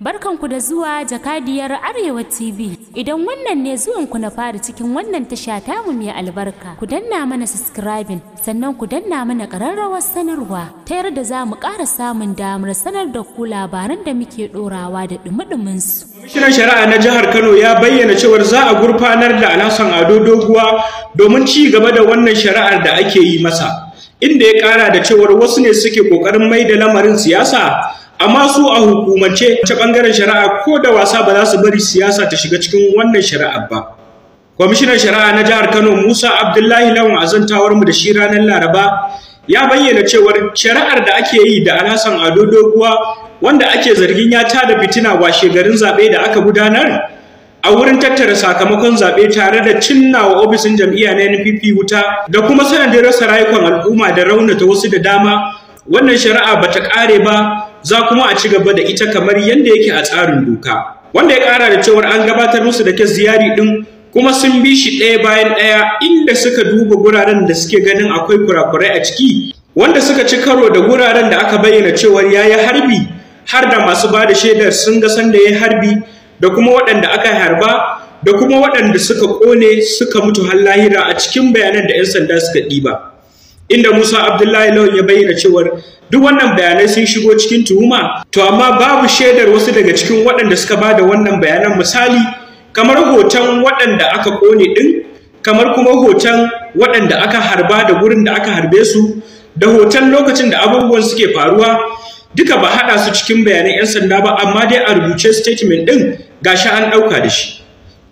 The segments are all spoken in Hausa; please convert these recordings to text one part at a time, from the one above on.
Barkanku da zuwa jakadiyar Arewa TV. Idan wannan ne zuwanku na fara cikin wannan tasha mu mai albarka, ku danna mana subscribing sannan ku danna mana ƙararrawar sanarwa ta yarda za mu ƙara samun damar sanar da ku labaran da muke ɗorawa da ɗumi su. Kwamishinan Shari'a na Jihar Kano ya bayyana cewar za a gurfanar da Alhassan Ado Doguwa domin ci gaba da wannan shari'ar da ake yi masa. Inda ya ƙara da cewar wasu ne suke ƙoƙarin mai da lamarin siyasa amma su a hukumance ta bangaren shari'a ko da wasa ba za su bari siyasa ta shiga cikin wannan shari'a ba kwamishinan shari'a na jihar Kano Musa Abdullahi Lawan azantawar mu da shi ranar Laraba ya bayyana cewar shari'ar da ake yi da Alhassan Ado Doguwa wanda ake zargin ya tada fitina wa garin zaɓe da aka gudanar a wurin tattara sakamakon zaɓe tare da cinnawa ofishin jam'iyya na NPP wuta da kuma sanadin rasa rayukan al'umma da raunata wasu da dama wannan shari'a bata kare ba za kuma a ci gaba da ita kamar yadda yake a tsarin doka wanda ya kara da cewar an gabatar musu da kes ziyari din kuma sun bi shi ɗaya bayan ɗaya inda suka duba guraren da suke ganin akwai kurakurai a ciki wanda suka ci karo da guraren da aka bayyana cewar ya yi harbi har da masu ba da shaidar sun ga sanda ya yi harbi da kuma waɗanda aka harba da kuma waɗanda suka ƙone suka mutu har lahira a cikin bayanan da 'yan sanda suka ɗiba. inda Musa Abdullahi Lawan ya bayyana cewar duk wannan bayanai sun shigo cikin tuhuma to amma babu shaidar wasu daga cikin waɗanda suka ba da wannan bayanan misali kamar hoton waɗanda aka ƙone ɗin kamar kuma hoton waɗanda aka harba da gurin da aka harbe su da hoton lokacin da abubuwan suke faruwa duka ba haɗa su cikin bayanan 'yan sanda ba amma dai a rubuce statement ɗin gashi an ɗauka da shi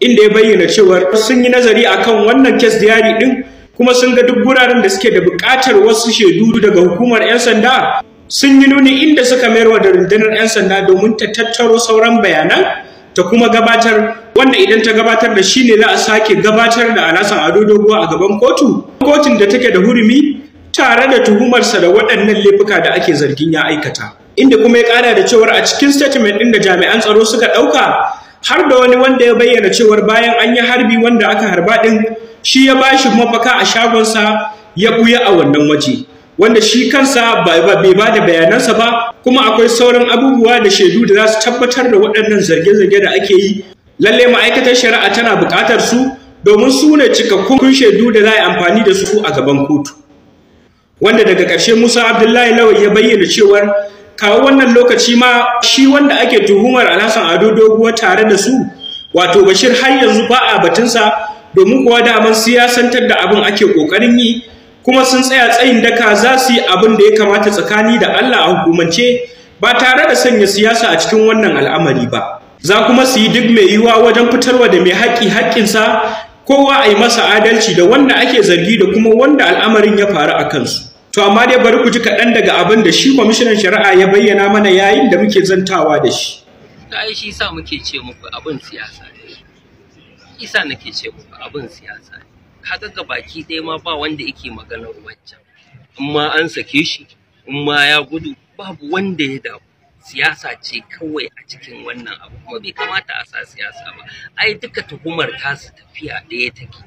inda ya bayyana cewar sun yi nazari akan wannan kes diary ɗin kuma sun ga duk guraren da suke da buƙatar wasu shaidu daga hukumar 'yan sanda sun yi nuni inda suka mayar wa da rundunar 'yan sanda domin ta tattaro sauran bayanan ta kuma gabatar wanda idan ta gabatar da shi ne za a sake gabatar da alasan ado doguwa a gaban kotu kotun da take da hurumi tare da tuhumarsa da waɗannan laifuka da ake zargin ya aikata inda kuma ya ƙara da cewar a cikin statement ɗin da jami'an tsaro suka ɗauka har da wani wanda ya bayyana cewar bayan an yi harbi wanda aka harba din shi ya ba shi mafaka a shagonsa ya buya a wannan waje wanda shi kansa bai ba da bayanansa ba kuma akwai sauran abubuwa da shaidu da za su tabbatar da waɗannan zarge-zarge da ake yi lalle ma'aikatar shari'a tana buƙatar su domin su ne cikakkun shaidu da za a yi amfani da su a gaban kotu wanda daga ƙarshe musa abdullahi lawai ya bayyana cewar kawo wannan lokaci ma shi wanda ake tuhumar alhassan ado doguwa tare da su wato bashir har yanzu ba a batunsa domin kuwa daman siyasantar da abin ake ƙoƙarin yi kuma sun tsaya tsayin daka za su yi abin da ya kamata tsakani da allah a hukumance ba tare da sanya siyasa a cikin wannan al'amari ba za kuma su yi duk mai yiwuwa wajen fitarwa da mai haƙƙi haƙƙinsa kowa a yi masa adalci da wanda ake zargi da kuma wanda al'amarin ya faru a kansu to amma dai bari ku ji kaɗan daga abin da shi kwamishinan shari'a ya bayyana mana yayin da muke zantawa da shi ta ai shi sa muke ce muku abin siyasa ne isa nake ce muku abin siyasa ne kaga ga baki ɗaya ma ba wanda yake maganar wancan in ma an sake shi in ma ya gudu babu wanda ya damu siyasa ce kawai a cikin wannan abu kuma bai kamata a sa siyasa ba ai duka tuhumar tasu tafiya ɗaya take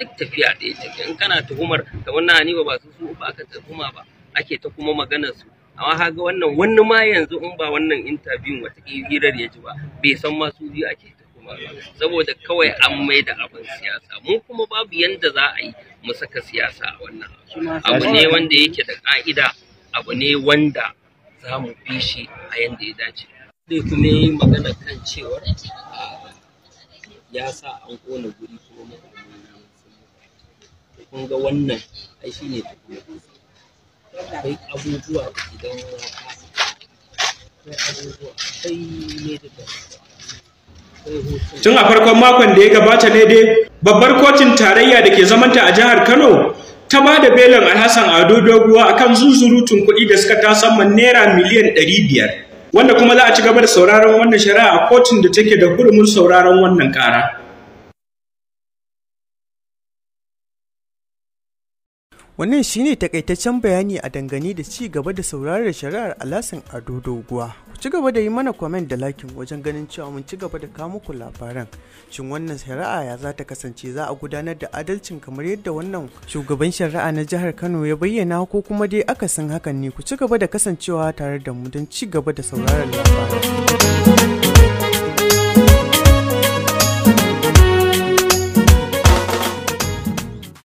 duk tafiya ɗaya take in kana tuhumar da wannan ba su su ba aka tuhuma ba ake ta kuma maganar su amma haga wannan wani ma yanzu in ba wannan interview wata hirar ya ji ba bai san ma su biyu ake kuma ba saboda kawai an mai da abin siyasa mu kuma babu yanda za a yi mu saka siyasa a wannan abu ne wanda yake da ka'ida abu ne wanda za mu bi shi a yanda ya dace dai kuma yi magana kan cewa ya sa an kona guri kuma kun wannan ai shi ne akwai abubuwa idan akwai abubuwa akwai ne da tun a farkon makon da ya gabata ne dai babbar kotun tarayya da ke zamanta a jihar kano ta ba da belin alhassan ado doguwa a kan zuzurutun kuɗi da suka saman naira miliyan ɗari biyar, wanda kuma za a ci gaba da sauraron wannan shari'a a kotun da take da hurumin sauraron wannan ƙara Wannan shine takaitaccen bayani a dangane da ci gaba da saurarar shari'ar Alasan Ado Doguwa. Ku ci gaba da yi mana kwamen da lakin wajen ganin cewa mun ci gaba da kawo muku labaran. Shin wannan shari'a ya za ta kasance za a gudanar da adalcin kamar yadda wannan shugaban shari'a na jihar Kano ya bayyana ko kuma dai akasin hakan ne ku ci gaba da kasancewa tare da mu don ci gaba da sauraron labaran.